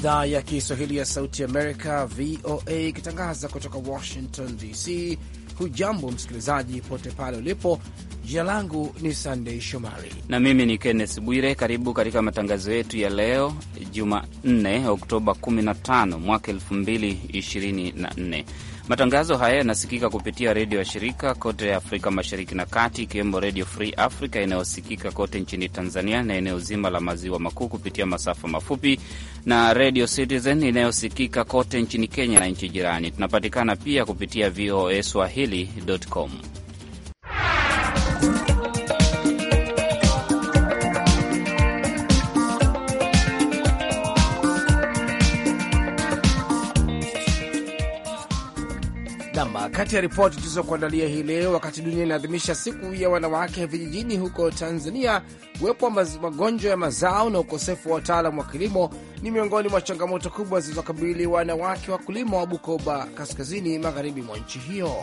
idhaa ya Kiswahili ya Sauti Amerika, VOA, ikitangaza kutoka Washington DC. Hujambo msikilizaji, pote pale ulipo. Jina langu ni Sandei Shomari na mimi ni Kenneth Bwire. Karibu katika matangazo yetu ya leo Jumanne, Oktoba 15 mwaka 2024. Matangazo haya yanasikika kupitia redio ya shirika kote Afrika Mashariki na Kati, ikiwemo Redio Free Africa inayosikika kote nchini Tanzania na eneo zima la maziwa makuu kupitia masafa mafupi na Redio Citizen inayosikika kote nchini Kenya na nchi jirani. Tunapatikana pia kupitia voa swahili.com. kati ya ripoti tulizokuandalia hii leo, wakati dunia inaadhimisha siku ya wanawake vijijini huko Tanzania, uwepo wa magonjwa ya mazao na ukosefu wa wataalam wa kilimo ni miongoni mwa changamoto kubwa zilizokabili wanawake wakulima wa Bukoba, kaskazini magharibi mwa nchi hiyo.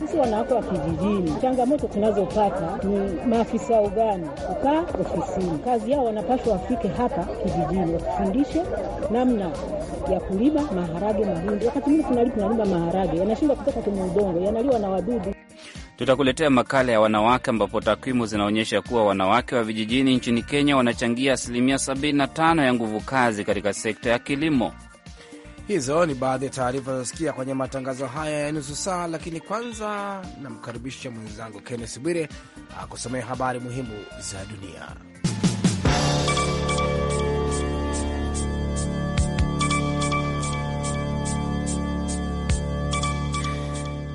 Sisi wanawake wa kijijini, changamoto tunazopata ni maafisa ugani kukaa ofisini. Kazi yao wanapaswa wafike hapa kijijini, wakufundishe namna ya kulima maharage, mahindi. Wakati mwingi tunalima maharage yanashindwa kutoka kwenye udongo, yanaliwa na wadudu. Tutakuletea makala ya wanawake ambapo takwimu zinaonyesha kuwa wanawake wa vijijini nchini Kenya wanachangia asilimia 75 ya nguvu kazi katika sekta ya kilimo. Hizo ni baadhi ya taarifa zazosikia kwenye matangazo haya ya nusu saa, lakini kwanza namkaribisha mwenzangu Kennes Bwire akusomea habari muhimu za dunia.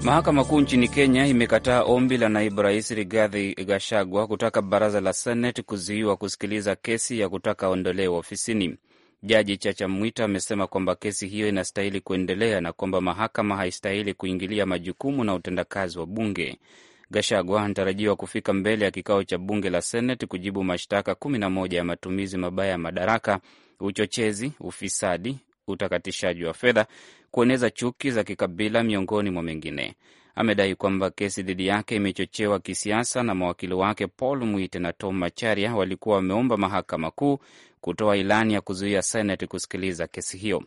Mahakama Kuu nchini Kenya imekataa ombi la naibu rais Rigathi Gachagua kutaka baraza la Seneti kuzuiwa kusikiliza kesi ya kutaka aondolewa ofisini. Jaji Chacha Mwita amesema kwamba kesi hiyo inastahili kuendelea na kwamba mahakama haistahili kuingilia majukumu na utendakazi wa bunge. Gashagwa anatarajiwa kufika mbele ya kikao cha bunge la Seneti kujibu mashtaka 11 ya matumizi mabaya ya madaraka, uchochezi, ufisadi, utakatishaji wa fedha, kueneza chuki za kikabila, miongoni mwa mengine. Amedai kwamba kesi dhidi yake imechochewa kisiasa na mawakili wake Paul Mwite na Tom Macharia walikuwa wameomba mahakama kuu kutoa ilani ya kuzuia Seneti kusikiliza kesi hiyo.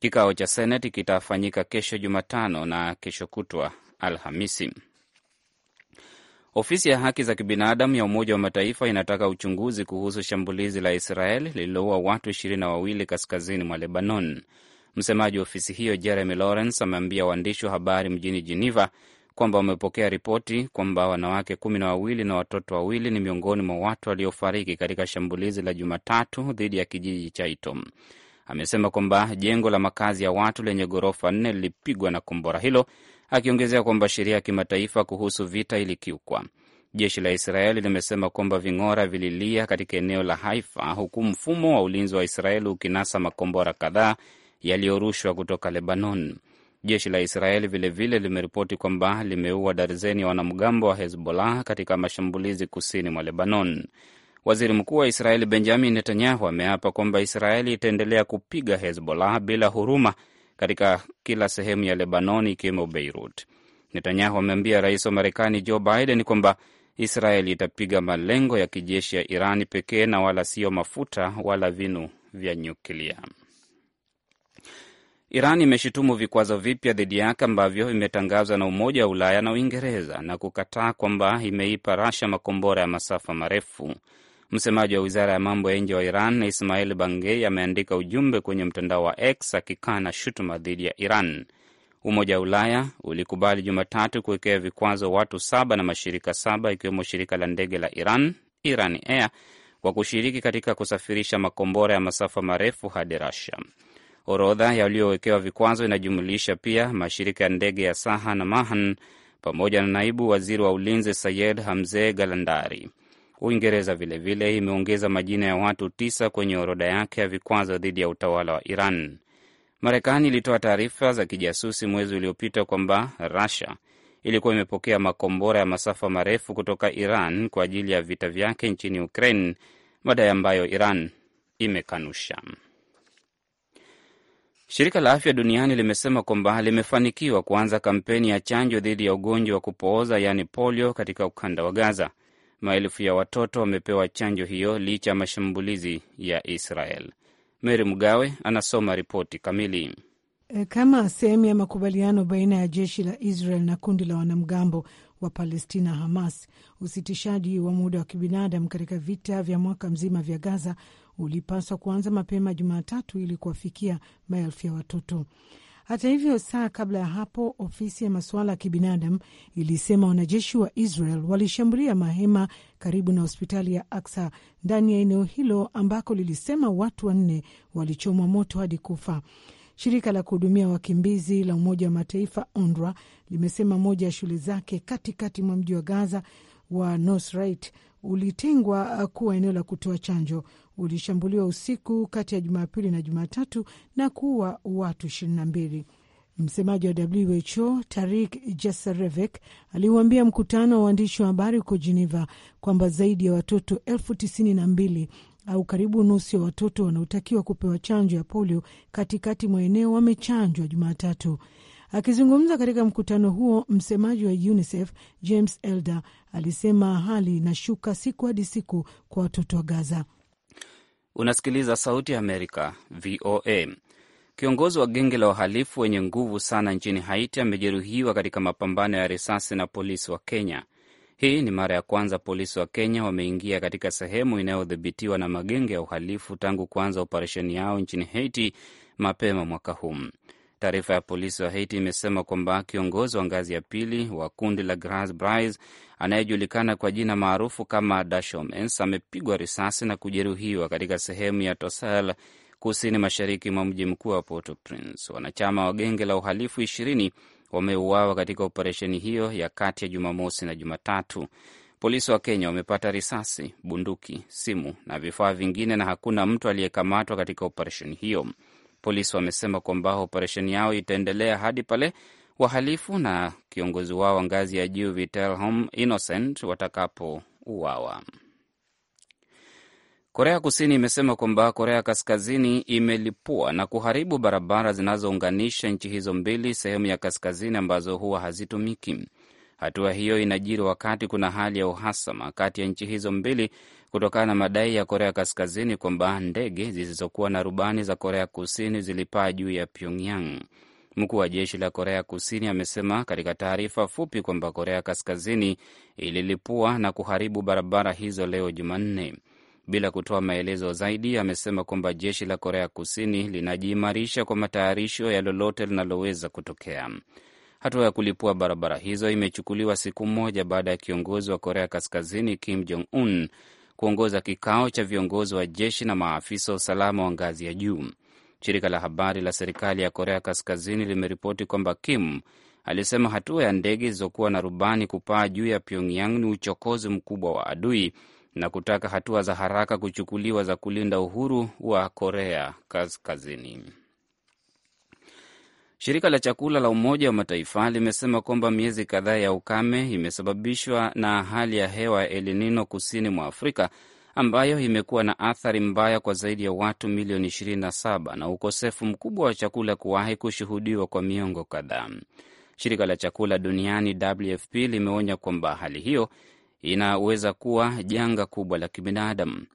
Kikao cha Seneti kitafanyika kesho Jumatano na kesho kutwa Alhamisi. Ofisi ya haki za kibinadamu ya Umoja wa Mataifa inataka uchunguzi kuhusu shambulizi la Israel lililoua watu ishirini na wawili kaskazini mwa Lebanon. Msemaji wa ofisi hiyo Jeremy Lawrence ameambia waandishi wa habari mjini Geneva kwamba wamepokea ripoti kwamba wanawake kumi na wawili na watoto wawili ni miongoni mwa watu waliofariki katika shambulizi la Jumatatu dhidi ya kijiji cha Itom. Amesema kwamba jengo la makazi ya watu lenye ghorofa nne lilipigwa na kombora hilo, akiongezea kwamba sheria ya kimataifa kuhusu vita ilikiukwa. Jeshi la Israeli limesema kwamba ving'ora vililia katika eneo la Haifa, huku mfumo wa ulinzi wa Israeli ukinasa makombora kadhaa yaliyorushwa kutoka Lebanon. Jeshi la Israeli vilevile limeripoti kwamba limeua darzeni ya wanamgambo wa Hezbollah katika mashambulizi kusini mwa Lebanon. Waziri Mkuu wa Israeli Benjamin Netanyahu ameapa kwamba Israeli itaendelea kupiga Hezbollah bila huruma katika kila sehemu ya Lebanon, ikiwemo Beirut. Netanyahu ameambia rais wa Marekani Joe Biden kwamba Israeli itapiga malengo ya kijeshi ya Irani pekee na wala sio mafuta wala vinu vya nyuklia. Iran imeshutumu vikwazo vipya dhidi yake ambavyo vimetangazwa na Umoja wa Ulaya na Uingereza na kukataa kwamba imeipa Rasha makombora ya masafa marefu. Msemaji wa wizara ya mambo ya nje wa Iran Ismail Bangei ameandika ujumbe kwenye mtandao wa X akikana shutuma dhidi ya Iran. Umoja wa Ulaya ulikubali Jumatatu kuwekea vikwazo watu saba na mashirika saba ikiwemo shirika la ndege la Iran, Iran Air, kwa kushiriki katika kusafirisha makombora ya masafa marefu hadi Rasia. Orodha ya waliowekewa vikwazo inajumulisha pia mashirika ya ndege ya Saha na Mahan pamoja na naibu waziri wa ulinzi Sayed Hamze Galandari. Uingereza vilevile imeongeza majina ya watu tisa kwenye orodha yake ya vikwazo dhidi ya utawala wa Iran. Marekani ilitoa taarifa za kijasusi mwezi uliopita kwamba rasia ilikuwa imepokea makombora ya masafa marefu kutoka Iran kwa ajili ya vita vyake nchini Ukraine, madai ambayo Iran imekanusha. Shirika la Afya Duniani limesema kwamba limefanikiwa kuanza kampeni ya chanjo dhidi ya ugonjwa wa kupooza yaani polio katika ukanda wa Gaza. Maelfu ya watoto wamepewa chanjo hiyo licha ya mashambulizi ya Israel. Mary mgawe anasoma ripoti kamili. Eh, kama sehemu ya makubaliano baina ya jeshi la Israel na kundi la wanamgambo wa Palestina Hamas, usitishaji wa muda wa kibinadamu katika vita vya mwaka mzima vya Gaza ulipaswa kuanza mapema Jumatatu ili kuwafikia maelfu ya watoto. Hata hivyo, saa kabla ya hapo, ofisi ya masuala ya kibinadamu ilisema wanajeshi wa Israel walishambulia mahema karibu na hospitali ya Aksa ndani ya eneo hilo ambako lilisema watu wanne walichomwa moto hadi kufa. Shirika la kuhudumia wakimbizi la Umoja wa Mataifa UNRWA limesema moja ya shule zake katikati mwa mji wa Gaza wa Nuseirat ulitengwa uh, kuwa eneo la kutoa chanjo ulishambuliwa usiku kati ya Jumapili na Jumatatu na kuua watu mbili Msemaji wa WHO Tarik jaserevek aliuambia mkutano wa waandishi wa habari huko Geneva kwamba zaidi ya watoto elfu tisini na mbili au karibu nusu ya watoto wanaotakiwa kupewa chanjo ya polio katikati mwa eneo wamechanjwa Jumatatu. Akizungumza katika mkutano huo, msemaji wa UNICEF James Elder alisema hali inashuka siku hadi siku kwa watoto wa Gaza. Unasikiliza Sauti ya Amerika, VOA. Kiongozi wa genge la uhalifu wenye nguvu sana nchini Haiti amejeruhiwa katika mapambano ya risasi na polisi wa Kenya. Hii ni mara ya kwanza polisi wa Kenya wameingia katika sehemu inayodhibitiwa na magenge ya uhalifu tangu kuanza operesheni yao nchini Haiti mapema mwaka huu. Taarifa ya polisi wa Haiti imesema kwamba kiongozi wa ngazi ya pili wa kundi la Grande Brise anayejulikana kwa jina maarufu kama Dashomens amepigwa risasi na kujeruhiwa katika sehemu ya Tosal kusini mashariki mwa mji mkuu wa porto prince Wanachama wa genge la uhalifu ishirini wameuawa katika operesheni hiyo ya kati ya Jumamosi na Jumatatu. Polisi wa Kenya wamepata risasi, bunduki, simu na vifaa vingine, na hakuna mtu aliyekamatwa katika operesheni hiyo. Polisi wamesema kwamba operesheni yao itaendelea hadi pale wahalifu na kiongozi wao wa ngazi ya juu Vitelhom Innocent watakapouawa. Korea Kusini imesema kwamba Korea Kaskazini imelipua na kuharibu barabara zinazounganisha nchi hizo mbili sehemu ya kaskazini ambazo huwa hazitumiki. Hatua hiyo inajiri wakati kuna hali ya uhasama kati ya nchi hizo mbili kutokana na madai ya Korea Kaskazini kwamba ndege zisizokuwa na rubani za Korea Kusini zilipaa juu ya Pyongyang. Mkuu wa jeshi la Korea Kusini amesema katika taarifa fupi kwamba Korea Kaskazini ililipua na kuharibu barabara hizo leo Jumanne. Bila kutoa maelezo zaidi, amesema kwamba jeshi la Korea Kusini linajiimarisha kwa matayarisho ya lolote linaloweza kutokea. Hatua ya kulipua barabara hizo imechukuliwa siku moja baada ya kiongozi wa Korea Kaskazini Kim Jong Un kuongoza kikao cha viongozi wa jeshi na maafisa wa usalama wa ngazi ya juu. Shirika la habari la serikali ya Korea Kaskazini limeripoti kwamba Kim alisema hatua ya ndege zilizokuwa na rubani kupaa juu ya Pyongyang ni uchokozi mkubwa wa adui na kutaka hatua za haraka kuchukuliwa za kulinda uhuru wa Korea Kaskazini. Shirika la chakula la Umoja wa Mataifa limesema kwamba miezi kadhaa ya ukame imesababishwa na hali ya hewa ya El Nino kusini mwa Afrika ambayo imekuwa na athari mbaya kwa zaidi ya watu milioni 27 na ukosefu mkubwa wa chakula kuwahi kushuhudiwa kwa miongo kadhaa. Shirika la chakula duniani WFP limeonya kwamba hali hiyo inaweza kuwa janga kubwa la kibinadamu.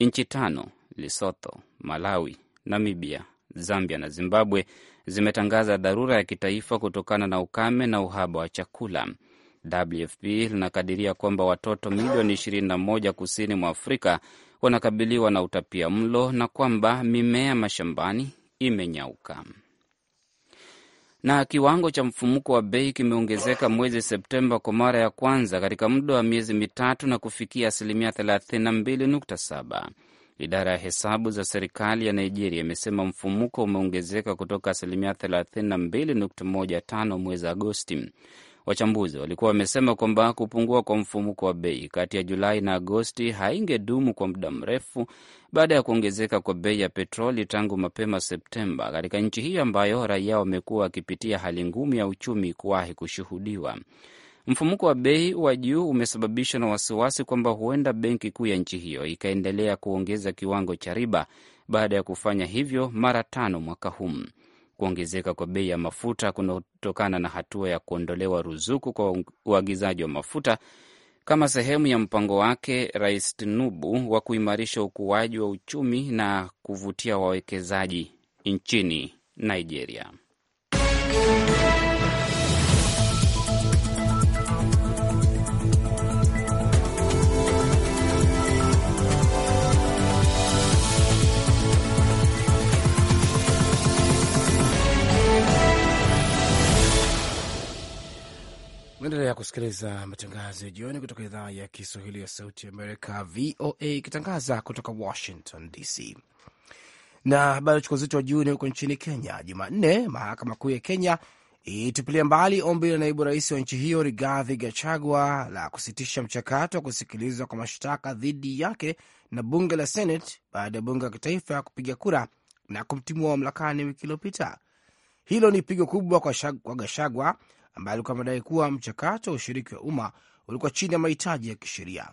Nchi tano Lesotho, Malawi, Namibia, Zambia na Zimbabwe zimetangaza dharura ya kitaifa kutokana na ukame na uhaba wa chakula. WFP linakadiria kwamba watoto milioni 21 kusini mwa Afrika wanakabiliwa na utapia mlo na kwamba mimea mashambani imenyauka. Na kiwango cha mfumuko wa bei kimeongezeka mwezi Septemba kwa mara ya kwanza katika muda wa miezi mitatu na kufikia asilimia 32.7. Idara ya hesabu za serikali ya Nigeria imesema mfumuko umeongezeka kutoka asilimia 32.15 mwezi Agosti. Wachambuzi walikuwa wamesema kwamba kupungua kwa mfumuko wa bei kati ya Julai na Agosti haingedumu kwa muda mrefu baada ya kuongezeka kwa bei ya petroli tangu mapema Septemba katika nchi hiyo ambayo raia wamekuwa wakipitia hali ngumu ya uchumi kuwahi kushuhudiwa. Mfumuko wa bei wa juu umesababishwa na wasiwasi kwamba huenda benki kuu ya nchi hiyo ikaendelea kuongeza kiwango cha riba baada ya kufanya hivyo mara tano mwaka huu. Kuongezeka kwa bei ya mafuta kunatokana na hatua ya kuondolewa ruzuku kwa uagizaji wa mafuta kama sehemu ya mpango wake Rais Tinubu wa kuimarisha ukuaji wa uchumi na kuvutia wawekezaji nchini Nigeria. Unaendelea kusikiliza matangazo ya jioni kutoka idhaa ya Kiswahili ya Sauti Amerika, VOA, ikitangaza kutoka Washington DC. Na habari uchukua uzito wa juu ni huko nchini Kenya. Jumanne, mahakama kuu ya Kenya itupilia mbali ombi la naibu rais wa nchi hiyo Rigathi Gachagua la kusitisha mchakato wa kusikilizwa kwa mashtaka dhidi yake na bunge la Senate baada ya bunge la kitaifa kupiga kura na kumtimua mamlakani wiki iliyopita. Hilo ni pigo kubwa kwa, kwa Gashagwa ambaye alikuwa amedai kuwa mchakato wa ushiriki wa umma ulikuwa chini ya mahitaji ya kisheria.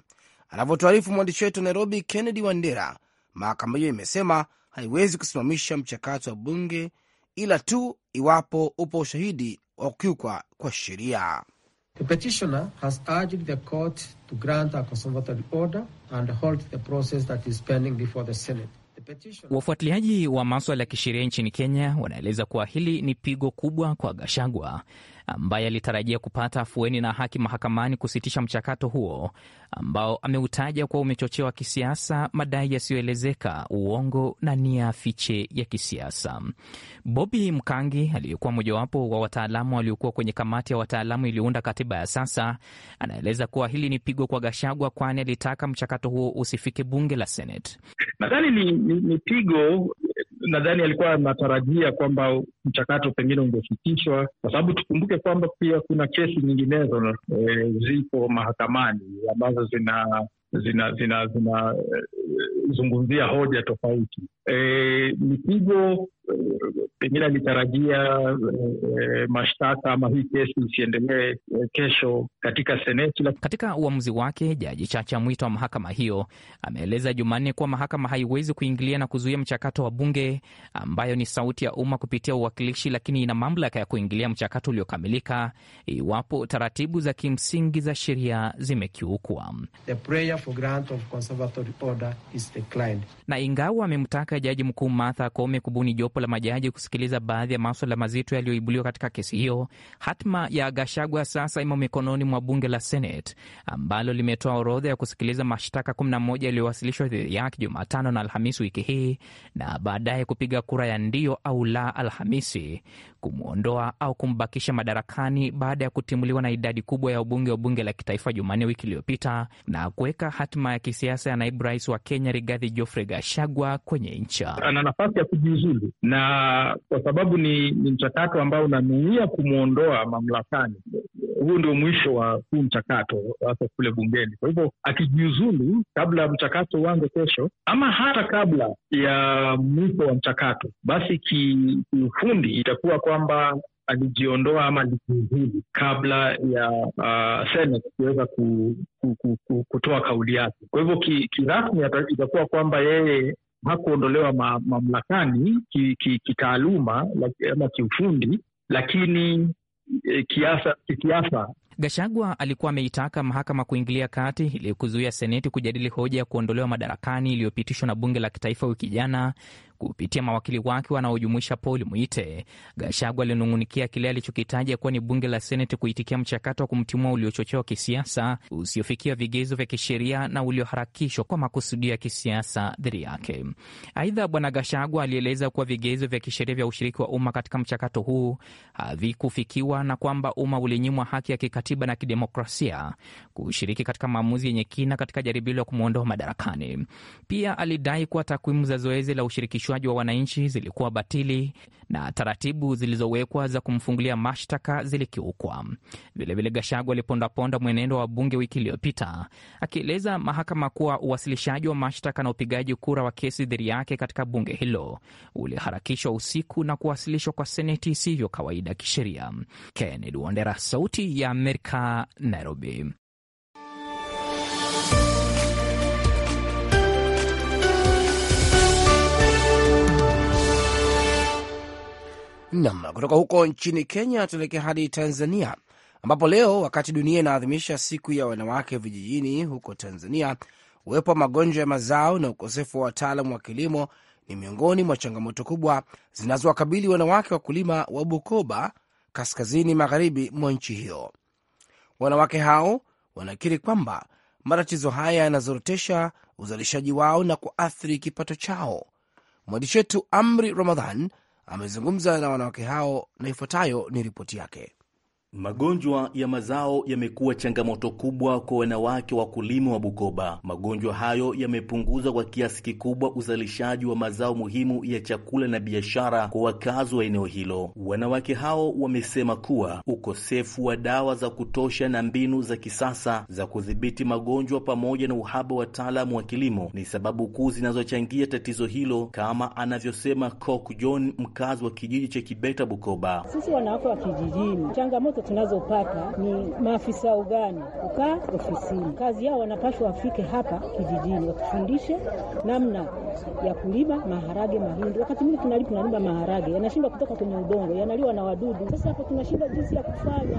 Anavyotuarifu mwandishi wetu Nairobi, Kennedy Wandera, mahakama hiyo imesema haiwezi kusimamisha mchakato wa bunge ila tu iwapo upo ushahidi wa kukiukwa kwa sheria. Wafuatiliaji wa maswala ya kisheria nchini Kenya wanaeleza kuwa hili ni pigo kubwa kwa Gashagwa ambaye alitarajia kupata afueni na haki mahakamani kusitisha mchakato huo ambao ameutaja kuwa umechochewa kisiasa, madai yasiyoelezeka, uongo na nia fiche ya kisiasa. Bobi Mkangi aliyekuwa mojawapo wa wataalamu waliokuwa kwenye kamati ya wataalamu iliyounda katiba ya sasa, anaeleza kuwa hili ni pigo kwa Gashagwa, kwani alitaka mchakato huo usifike bunge la Seneti. Nadhani ni, ni, ni pigo nadhani alikuwa anatarajia kwamba mchakato pengine ungefikishwa, kwa sababu tukumbuke kwamba pia kuna kesi nyinginezo e, zipo mahakamani ambazo zina zina zinazungumzia zina, eh, hoja tofauti e, eh, mipigo pengine alitarajia e, mashtaka ama hii kesi isiendelee eh, kesho katika seneti. Katika uamuzi wake, Jaji Chacha Mwita wa mahakama hiyo ameeleza Jumanne kuwa mahakama haiwezi kuingilia na kuzuia mchakato wa bunge ambayo ni sauti ya umma kupitia uwakilishi, lakini ina mamlaka ya kuingilia mchakato uliokamilika iwapo taratibu za kimsingi za sheria zimekiukwa. Na ingawa amemtaka Jaji Mkuu Martha Koome kubuni jopo la majaji kusikiliza baadhi ya maswala mazito yaliyoibuliwa katika kesi hiyo. Hatma ya Gashagwa sasa imo mikononi mwa bunge la Senate ambalo limetoa orodha ya kusikiliza mashtaka 11 yaliyowasilishwa dhidi yake Jumatano na Alhamisi wiki hii na baadaye kupiga kura ya ndio au la Alhamisi kumwondoa au kumbakisha madarakani baada ya kutimuliwa na idadi kubwa ya ubunge wa bunge la kitaifa Jumanne wiki iliyopita na kuweka hatima ya kisiasa ya naibu rais wa Kenya Rigathi Geoffrey Gachagua kwenye ncha. Ana nafasi ya kujiuzulu, na kwa sababu ni, ni mchakato ambao unanuia kumwondoa mamlakani huu ndio mwisho wa huu mchakato hasa kule bungeni. Kwa hivyo akijiuzulu kabla ya mchakato uanze kesho, ama hata kabla ya mwisho wa mchakato, basi kiufundi itakuwa kwamba alijiondoa ama alijiuzulu kabla ya uh, Senate kuweza ku, ku, ku, ku, kutoa kauli yake. Kwa hivyo kirasmi ki itakuwa kwamba yeye hakuondolewa ma, mamlakani kitaaluma ki, ki ama kiufundi, lakini Eh, kiasa kisiasa. Gashagwa alikuwa ameitaka mahakama kuingilia kati ili kuzuia seneti kujadili hoja ya kuondolewa madarakani iliyopitishwa na bunge la kitaifa wiki jana kupitia mawakili wake wanaojumuisha Paul Mwite. Gachagua alinung'unikia kile alichokitaja kuwa ni bunge la Seneti kuitikia mchakato wa kumtimua uliochochewa kisiasa, usiofikia vigezo vya kisheria na ulioharakishwa kwa makusudio ya kisiasa dhidi yake. Aidha, Bwana Gachagua alieleza kuwa vigezo vya kisheria vya ushiriki wa umma katika mchakato huu havikufikiwa na kwamba umma ulinyimwa haki ya kikatiba na kidemokrasia kushiriki katika maamuzi yenye kina katika jaribio la kumwondoa madarakani. Pia alidai kuwa takwimu za zoezi la ushirikishwa uhamishwaji wa wananchi zilikuwa batili na taratibu zilizowekwa za kumfungulia mashtaka zilikiukwa. Vilevile, gashagu alipondaponda mwenendo wa bunge wiki iliyopita akieleza mahakama kuwa uwasilishaji wa mashtaka na upigaji kura wa kesi dhidi yake katika bunge hilo uliharakishwa usiku na kuwasilishwa kwa seneti isivyo kawaida kisheria. Kennedy Wandera, Sauti ya Amerika, Nairobi. Nam, kutoka huko nchini Kenya tuelekea hadi Tanzania, ambapo leo wakati dunia inaadhimisha siku ya wanawake vijijini, huko Tanzania uwepo wa magonjwa ya mazao na ukosefu wa wataalam wa kilimo ni miongoni mwa changamoto kubwa zinazowakabili wanawake wakulima wa Bukoba, kaskazini magharibi mwa nchi hiyo. Wanawake hao wanakiri kwamba matatizo haya yanazorotesha uzalishaji wao na kuathiri kipato chao. Mwandishi wetu Amri Ramadhan amezungumza na wanawake hao na ifuatayo ni ripoti yake. Magonjwa ya mazao yamekuwa changamoto kubwa kwa wanawake wakulima wa Bukoba. Magonjwa hayo yamepunguza kwa kiasi kikubwa uzalishaji wa mazao muhimu ya chakula na biashara kwa wakazi wa eneo hilo. Wanawake hao wamesema kuwa ukosefu wa dawa za kutosha na mbinu za kisasa za kudhibiti magonjwa pamoja na uhaba wa wataalamu wa kilimo ni sababu kuu zinazochangia tatizo hilo, kama anavyosema cok John, mkazi wa kijiji cha Kibeta, Bukoba. Sisi wanawake wa kijijini changamoto changamoto tunazopata ni maafisa ugani kukaa ofisini. Kazi yao wanapashwa wafike hapa kijijini, watufundishe namna ya kulima maharage, mahindi. Wakati mwingi tunali tunalima maharage yanashindwa kutoka kwenye udongo, yanaliwa na wadudu. Sasa hapo tunashinda jinsi ya kufanya.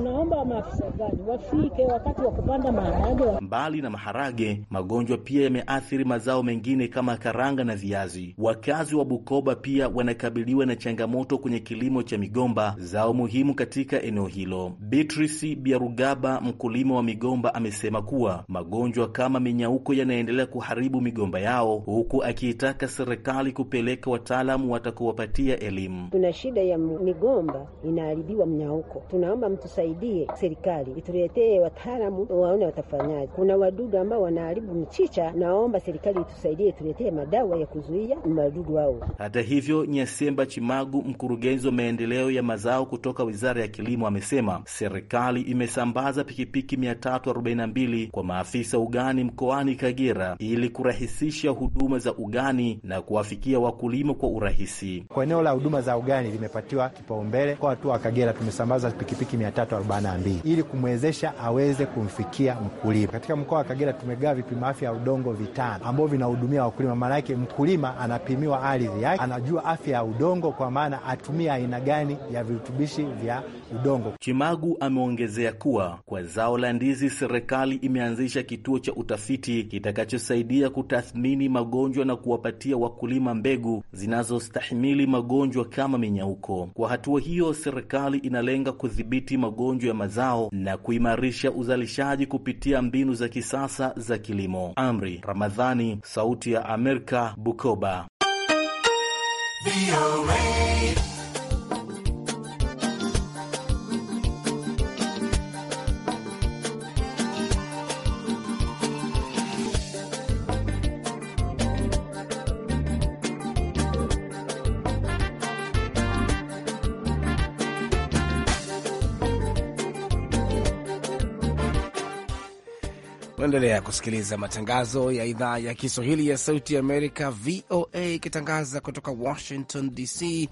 Unaomba maafisa ugani wafike wakati wa kupanda maharage. Mbali na maharage, magonjwa pia yameathiri mazao mengine kama karanga na viazi. Wakazi wa Bukoba pia wanakabiliwa na changamoto kwenye kilimo cha migomba, zao muhimu katika eneo hilo. Beatrice Biarugaba, mkulima wa migomba, amesema kuwa magonjwa kama minyauko yanaendelea kuharibu migomba yao, huku akiitaka serikali kupeleka wataalamu watakuwapatia elimu. Tuna shida ya migomba inaharibiwa mnyauko, tunaomba mtusaidie, serikali ituletee wataalamu waone watafanyaje. Kuna wadudu ambao wanaharibu mchicha, naomba serikali itusaidie, ituletee madawa ya kuzuia wadudu hao. Hata hivyo, Nyasemba Chimagu, mkurugenzi wa maendeleo ya mazao kutoka wizara ya kilimo Mwalimu amesema serikali imesambaza pikipiki 342 kwa maafisa ugani mkoani Kagera ili kurahisisha huduma za ugani na kuwafikia wakulima kwa urahisi. Kwa eneo la huduma za ugani limepatiwa kipaumbele. Kwa watu wa Kagera tumesambaza pikipiki 342 ili kumwezesha aweze kumfikia mkulima. Katika mkoa wa Kagera tumegawa vipima afya ya udongo vitano ambao vinahudumia wakulima. Maana yake mkulima anapimiwa ardhi yake, anajua afya ya udongo, kwa maana atumie aina gani ya virutubishi vya udongo udongo. Chimagu ameongezea kuwa kwa zao la ndizi serikali imeanzisha kituo cha utafiti kitakachosaidia kutathmini magonjwa na kuwapatia wakulima mbegu zinazostahimili magonjwa kama minyauko. Kwa hatua hiyo, serikali inalenga kudhibiti magonjwa ya mazao na kuimarisha uzalishaji kupitia mbinu za kisasa za kilimo. Amri Ramadhani, Sauti ya Amerika, Bukoba. Unaendelea kusikiliza matangazo ya idhaa ya Kiswahili ya Sauti ya Amerika, VOA, ikitangaza kutoka Washington DC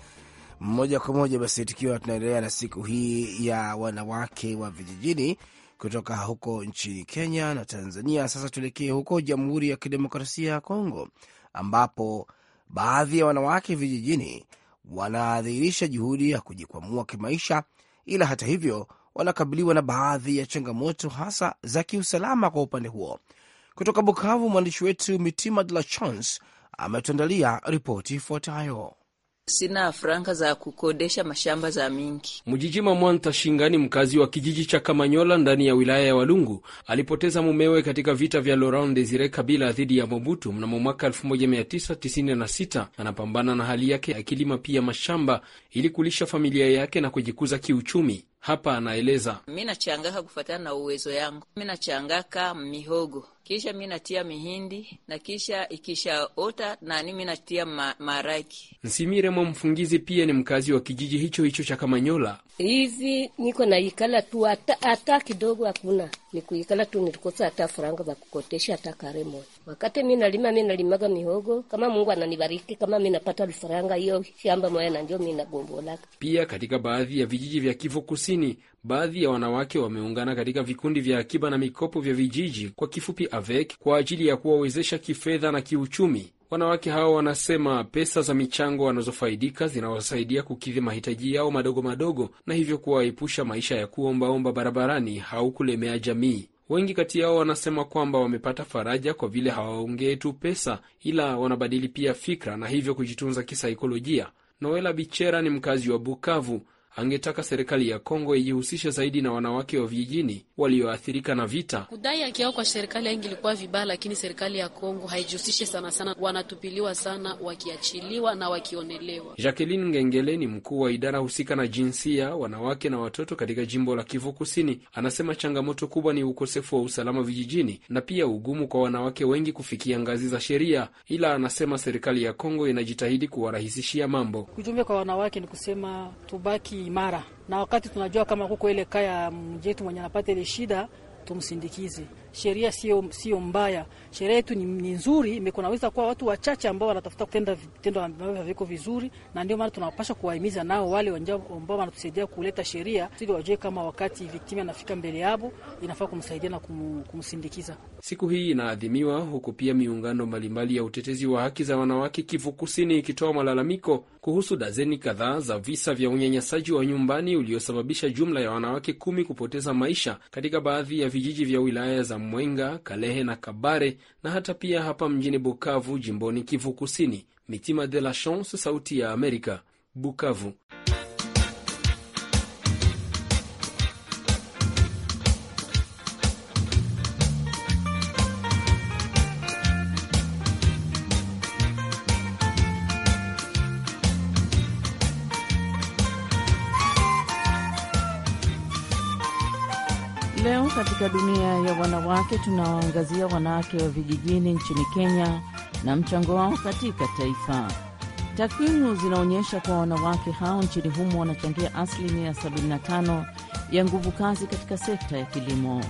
moja kwa moja. Basi tukiwa tunaendelea na siku hii ya wanawake wa vijijini kutoka huko nchini Kenya na Tanzania, sasa tuelekee huko Jamhuri ya Kidemokrasia ya Kongo, ambapo baadhi ya wanawake vijijini wanaadhirisha juhudi ya kujikwamua kimaisha, ila hata hivyo wanakabiliwa na baadhi ya changamoto hasa za kiusalama kwa upande huo. Kutoka Bukavu, mwandishi wetu Mitima de la Chance ametuandalia ripoti ifuatayo. Sina franka za kukodesha mashamba za mingi. Mjijima Mwanta Shingani, mkazi wa kijiji cha Kamanyola ndani ya wilaya ya Walungu, alipoteza mumewe katika vita vya Laurent Desire Kabila dhidi ya Mobutu mnamo mwaka 1996. Anapambana na hali yake akilima pia mashamba ili kulisha familia yake na kujikuza kiuchumi. Hapa anaeleza: mi nachangaka kufatana na uwezo yangu, mi nachangaka mihogo kisha mi natia mihindi na kisha ikishaota nani mi natia ma, maraki. mwa Mfungizi pia ni mkazi wa kijiji hicho hicho cha Kamanyola. Hivi niko naikala tu hata kidogo hakuna, nikuikala tu nilikosa hata faranga za kukotesha hata karemo. Wakati mi nalima mi nalimaga mihogo kama Mungu ananibariki, kama mi napata faranga hiyo shamba moya, na njo mi nagombolaka. Pia katika baadhi ya vijiji vya Kivu Kusini baadhi ya wanawake wameungana katika vikundi vya akiba na mikopo vya vijiji, kwa kifupi AVEC, kwa ajili ya kuwawezesha kifedha na kiuchumi. Wanawake hao wanasema pesa za michango wanazofaidika zinawasaidia kukidhi mahitaji yao madogo madogo na hivyo kuwaepusha maisha ya kuombaomba barabarani au kulemea jamii. Wengi kati yao wanasema kwamba wamepata faraja kwa vile hawaongee tu pesa, ila wanabadili pia fikra na hivyo kujitunza kisaikolojia. Noela Bichera ni mkazi wa Bukavu angetaka serikali ya Kongo ijihusishe zaidi na wanawake wa vijijini walioathirika na vita. Kudai haki yao kwa serikali yangi ilikuwa vibaya, lakini serikali ya Kongo haijihusishe sana sana, wanatupiliwa sana wakiachiliwa na wakionelewa. Jacqueline Ngengele ni mkuu wa idara husika na jinsia, wanawake na watoto katika jimbo la Kivu Kusini, anasema changamoto kubwa ni ukosefu wa usalama vijijini na pia ugumu kwa wanawake wengi kufikia ngazi za sheria, ila anasema serikali ya Kongo inajitahidi kuwarahisishia mambo. Ujumbe kwa wanawake ni kusema tubaki imara, na wakati tunajua kama kuko ile kaya mjetu mwenye anapata ile shida, tumsindikize sheria sio sio mbaya, sheria yetu ni, ni nzuri, Imekuwa naweza kuwa watu wachache ambao wanatafuta kutenda vitendo ambavyo haviko vizuri, na ndio maana tunawapasha kuwahimiza nao wale ambao wanatusaidia kuleta sheria, ili wajue kama wakati viktima anafika mbele yabo inafaa kumsaidia na kum, kumsindikiza. Siku hii inaadhimiwa huku pia miungano mbalimbali ya utetezi wa haki za wanawake Kivu Kusini ikitoa malalamiko kuhusu dazeni kadhaa za visa vya unyanyasaji wa nyumbani uliosababisha jumla ya wanawake kumi kupoteza maisha katika baadhi ya vijiji vya wilaya za Mwenga, Kalehe na Kabare na hata pia hapa mjini Bukavu, jimboni Kivu Kusini. Mitima de la Chance, Sauti ya Amerika, Bukavu. katika dunia ya wanawake tunawaangazia wanawake wa vijijini nchini Kenya na mchango wao katika taifa. Takwimu zinaonyesha kuwa wanawake hao nchini humo wanachangia asilimia 75 ya nguvu kazi katika sekta ya kilimo.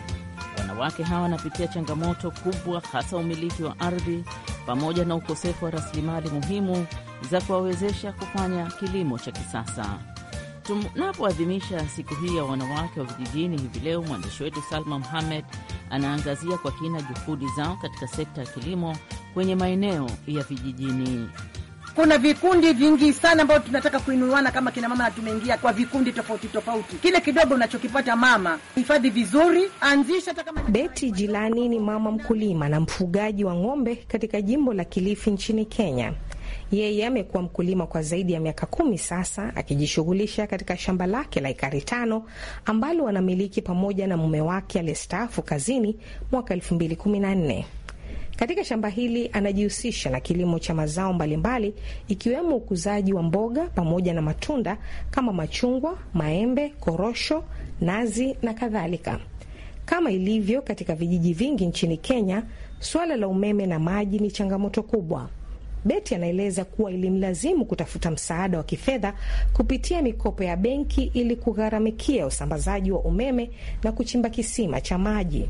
Wanawake hawa wanapitia changamoto kubwa, hasa umiliki wa ardhi pamoja na ukosefu wa rasilimali muhimu za kuwawezesha kufanya kilimo cha kisasa. Tunapoadhimisha siku hii ya wanawake wa vijijini hivi leo, mwandishi wetu Salma Muhamed anaangazia kwa kina juhudi zao katika sekta ya kilimo kwenye maeneo ya vijijini. Kuna vikundi vingi sana ambavyo tunataka kuinuana kama kina mama, na tumeingia kwa vikundi tofauti tofauti. Kile kidogo unachokipata mama, hifadhi vizuri, anzisha hata kama. Beti Jilani ni mama mkulima na mfugaji wa ng'ombe katika jimbo la Kilifi nchini Kenya. Yeye amekuwa mkulima kwa zaidi ya miaka kumi sasa, akijishughulisha katika shamba lake la ekari tano ambalo wanamiliki pamoja na mume wake aliyestaafu kazini mwaka elfu mbili kumi na nne. Katika shamba hili anajihusisha na kilimo cha mazao mbalimbali ikiwemo ukuzaji wa mboga pamoja na matunda kama machungwa, maembe, korosho, nazi na kadhalika. Kama ilivyo katika vijiji vingi nchini Kenya, suala la umeme na maji ni changamoto kubwa. Beti anaeleza kuwa ilimlazimu kutafuta msaada wa kifedha kupitia mikopo ya benki ili kugharamikia usambazaji wa umeme na kuchimba kisima cha maji.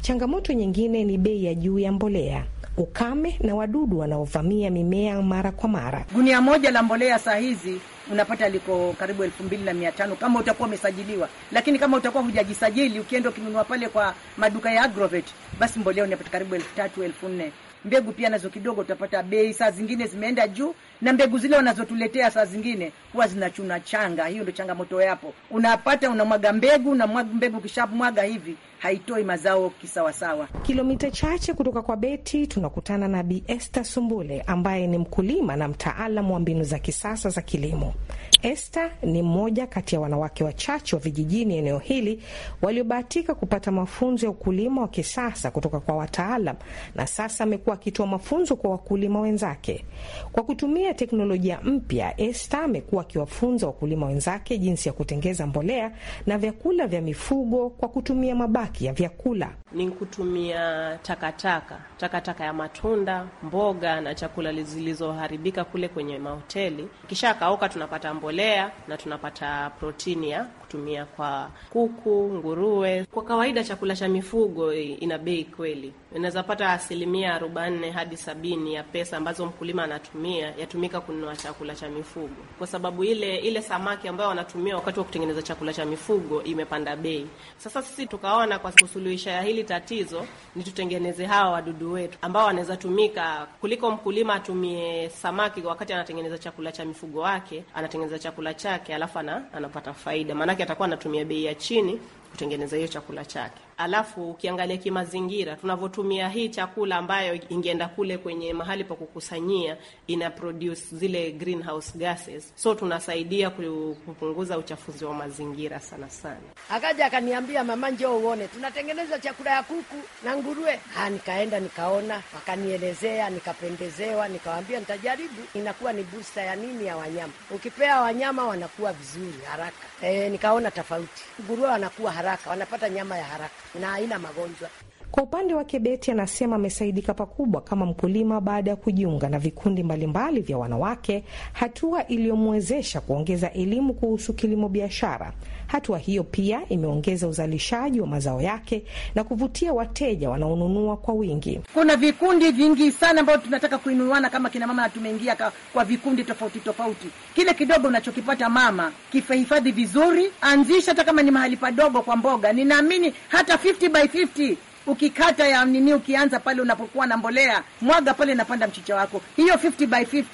Changamoto nyingine ni bei ya juu ya mbolea, ukame na wadudu wanaovamia mimea mara kwa mara. Gunia moja la mbolea saa hizi unapata liko karibu elfu mbili na mia tano kama utakuwa umesajiliwa, lakini kama utakuwa hujajisajili, ukienda ukinunua pale kwa maduka ya Agrovet, basi mbolea unapata karibu elfu tatu elfu nne mbegu pia nazo kidogo utapata bei, saa zingine zimeenda juu, na mbegu zile wanazotuletea saa zingine huwa zinachuna changa. Hiyo ndio changamoto yapo, unapata unamwaga mbegu na mbegu kishamwaga hivi haitoi mazao kisawasawa. Kilomita chache kutoka kwa Beti tunakutana na Bi Esther Sumbule ambaye ni mkulima na mtaalamu wa mbinu za kisasa za kilimo. Esther ni mmoja kati ya wanawake wachache wa vijijini eneo hili waliobahatika kupata mafunzo ya ukulima wa kisasa kutoka kwa wataalam, na sasa amekuwa akitoa mafunzo kwa wakulima wenzake kwa kutumia teknolojia mpya. Esther amekuwa akiwafunza wakulima wenzake jinsi ya kutengeza mbolea na vyakula vya mifugo kwa kutumia mabati mabaki ya vyakula ni kutumia takataka, takataka ya matunda, mboga na chakula zilizoharibika kule kwenye mahoteli. Kisha kauka, tunapata mbolea na tunapata protini ya kutumia kwa kuku, nguruwe. Kwa kawaida chakula cha mifugo ina bei kweli, unaweza pata asilimia arobaini hadi sabini ya pesa ambazo mkulima anatumia yatumika kununua chakula cha mifugo, kwa sababu ile ile samaki ambayo wanatumia wakati wa kutengeneza chakula cha mifugo imepanda bei. Sasa sisi tukaona kwa kusuluhisha hili tatizo ni tutengeneze hawa wadudu wetu ambao wanaweza tumika, kuliko mkulima atumie samaki wakati anatengeneza chakula cha mifugo wake, anatengeneza chakula chake alafu anapata faida maana atakuwa anatumia bei ya chini kutengeneza hiyo chakula chake. Alafu ukiangalia kimazingira, tunavyotumia hii chakula ambayo ingeenda kule kwenye mahali pa kukusanyia, ina produce zile greenhouse gases, so tunasaidia kupunguza uchafuzi wa mazingira sana sana. Akaja akaniambia, mama, njoo uone, tunatengeneza chakula ya kuku na nguruwe. Ha, nikaenda nikaona, wakanielezea, nikapendezewa, nikawambia nitajaribu. Inakuwa ni busta ya nini ya wanyama, ukipea wanyama wanakuwa vizuri haraka. E, nikaona tofauti, nguruwe wanakuwa haraka, wanapata nyama ya haraka na haina magonjwa. Kwa upande wake Beti anasema amesaidika pakubwa kama mkulima baada ya kujiunga na vikundi mbalimbali mbali vya wanawake, hatua iliyomwezesha kuongeza elimu kuhusu kilimo biashara. Hatua hiyo pia imeongeza uzalishaji wa mazao yake na kuvutia wateja wanaonunua kwa wingi. Kuna vikundi vingi sana ambayo tunataka kuinuana kama kina mama, na tumeingia kwa vikundi tofauti tofauti. Kile kidogo unachokipata mama, kifahifadhi vizuri, anzisha hata kama ni mahali padogo kwa mboga. Ninaamini hata 50 by 50 ukikata ya nini, ukianza pale unapokuwa na mbolea, mwaga pale, napanda mchicha wako. Hiyo 50 by 50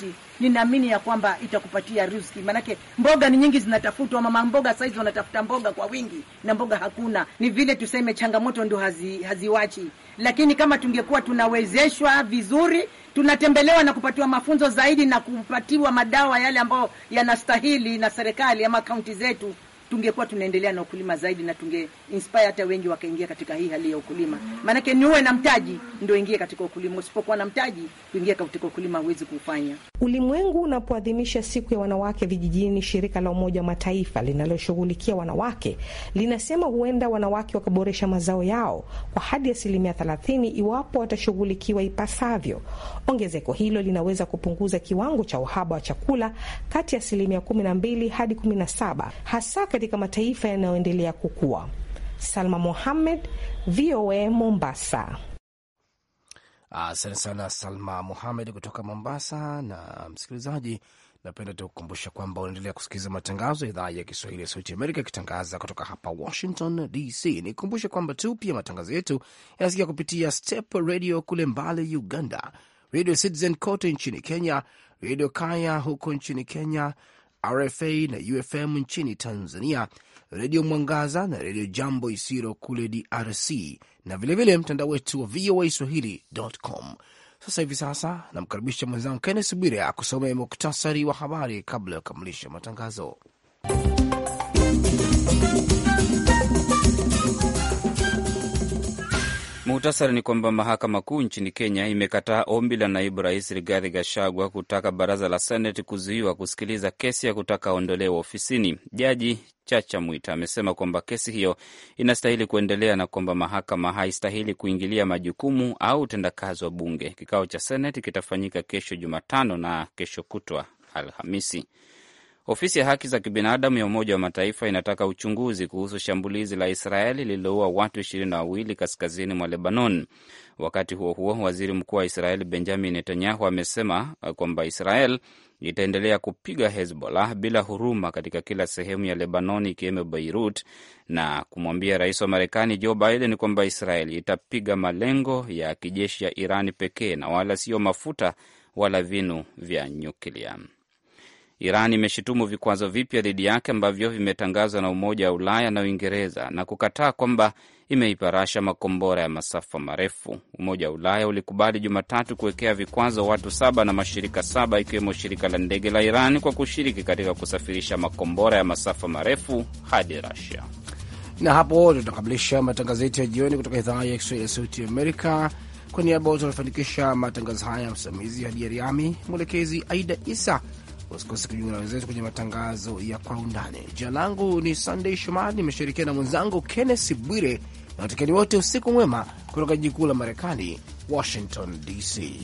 ninaamini ya kwamba itakupatia riziki, maanake mboga ni nyingi zinatafutwa. Mama mboga saizi wanatafuta mboga kwa wingi na mboga hakuna. Ni vile tuseme changamoto ndo hazi, haziwachi, lakini kama tungekuwa tunawezeshwa vizuri, tunatembelewa na kupatiwa mafunzo zaidi na kupatiwa madawa yale ambayo yanastahili na serikali ama kaunti zetu tungekuwa tunaendelea na ukulima zaidi na tunge inspire hata wengi wakaingia katika hii hali ya ukulima. Maanake ni uwe na mtaji ndio ingie katika ukulima, usipokuwa na mtaji kuingia katika ukulima huwezi kufanya. Ulimwengu unapoadhimisha siku ya wanawake vijijini, shirika la Umoja wa Mataifa linaloshughulikia wanawake linasema huenda wanawake wakaboresha mazao yao kwa hadi asilimia thelathini iwapo watashughulikiwa ipasavyo. Ongezeko hilo linaweza kupunguza kiwango cha uhaba wa chakula kati ya asilimia kumi na mbili hadi kumi na saba hasa katika mataifa yanayoendelea kukua. Salma Mohamed, VOA Mombasa. Asante sana Salma muhamed kutoka Mombasa. Na msikilizaji, napenda tu kukumbusha kwamba unaendelea kusikiliza matangazo ya idhaa ya Kiswahili ya Sauti Amerika ikitangaza kutoka hapa Washington DC. Nikukumbushe kwamba tu pia matangazo yetu yanasikia kupitia Step Radio kule Mbale, Uganda, Radio Citizen kote nchini Kenya, Radio Kaya huko nchini Kenya, RFA na UFM nchini Tanzania, Redio Mwangaza na Redio Jambo Isiro kule DRC, na vilevile mtandao wetu wa VOA Swahili.com. Sasa hivi sasa namkaribisha mwenzangu Kennes Bwire akusomea muktasari wa habari kabla ya kukamilisha matangazo. Muhtasari ni kwamba mahakama kuu nchini Kenya imekataa ombi la naibu rais Rigathi Gachagua kutaka baraza la Seneti kuzuiwa kusikiliza kesi ya kutaka aondolewa ofisini. Jaji Chacha Mwita amesema kwamba kesi hiyo inastahili kuendelea na kwamba mahakama haistahili kuingilia majukumu au utendakazi wa bunge. Kikao cha Seneti kitafanyika kesho Jumatano na kesho kutwa Alhamisi. Ofisi ya haki za kibinadamu ya Umoja wa Mataifa inataka uchunguzi kuhusu shambulizi la Israeli lililoua watu ishirini na wawili kaskazini mwa Lebanon. Wakati huo huo, waziri mkuu wa Israeli Benjamin Netanyahu amesema kwamba Israel itaendelea kupiga Hezbollah bila huruma katika kila sehemu ya Lebanon, ikiwemo Beirut, na kumwambia rais wa Marekani Joe Biden kwamba israel itapiga malengo ya kijeshi ya iran pekee na wala sio mafuta wala vinu vya nyuklia. Iran imeshutumu vikwazo vipya dhidi yake ambavyo vimetangazwa na Umoja wa Ulaya na Uingereza na kukataa kwamba imeipa Rasha makombora ya masafa marefu. Umoja wa Ulaya ulikubali Jumatatu kuwekea vikwazo watu saba na mashirika saba ikiwemo shirika la ndege la Iran kwa kushiriki katika kusafirisha makombora ya masafa marefu hadi Rasia. Na hapo tunakamilisha matangazo yetu ya jioni kutoka idhaa ya Kiswahili ya Sauti ya Amerika. Kwa niaba wote wanafanikisha matangazo haya, msimamizi Hadiariami, mwelekezi Aida Isa. Usikose kujiunga na wenzetu kwenye matangazo ya kwa undani. Jina langu ni Sunday Shomari, nimeshirikiana na mwenzangu Kennes Bwire na watikani wote, usiku mwema kutoka jiji kuu la Marekani, Washington DC.